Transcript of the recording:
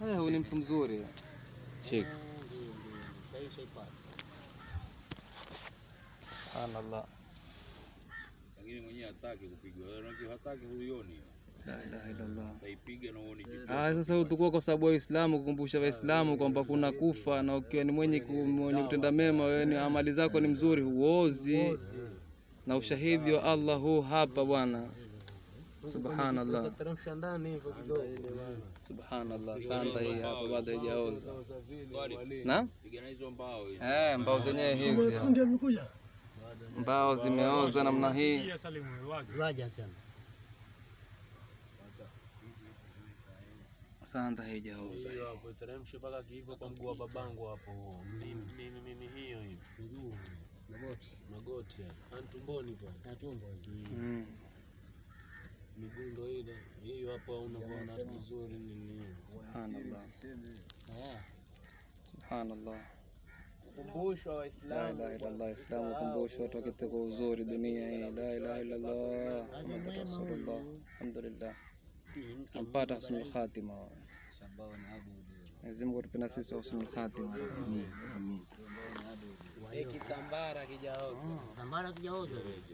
Huyu ni mtu mzuri Sheikh. Ah, sasa utukua kwa sababu ya Uislamu kukumbusha Waislamu kwamba kuna kufa na ukiwa ni mwenye kutenda mema wewe ni amali zako ni mzuri huozi. Na ushahidi wa Allah huu hapa bwana. Subhanallah, subhanallah. Sanda hii bado haijaoza. Naam, eh, mbao zenyewe hizi, mbao zimeoza namna hii. Sanda haijaoza magoti, antumboni, pale kawaida hiyo hapo, unaona vizuri nini. Subhanallah, eh. subhanallah. Ukumbusho wa Waislamu, la ilaha illa Islamu ukumbusho watu wakite kwa uzuri dunia hii, la ilaha illa Allah Rasulullah. Alhamdulillah, ampata husnul khatima. Mwenyezi Mungu tupenda sisi husnul khatima, amin. Kitambara kijaoza, oh, kitambara kijaoza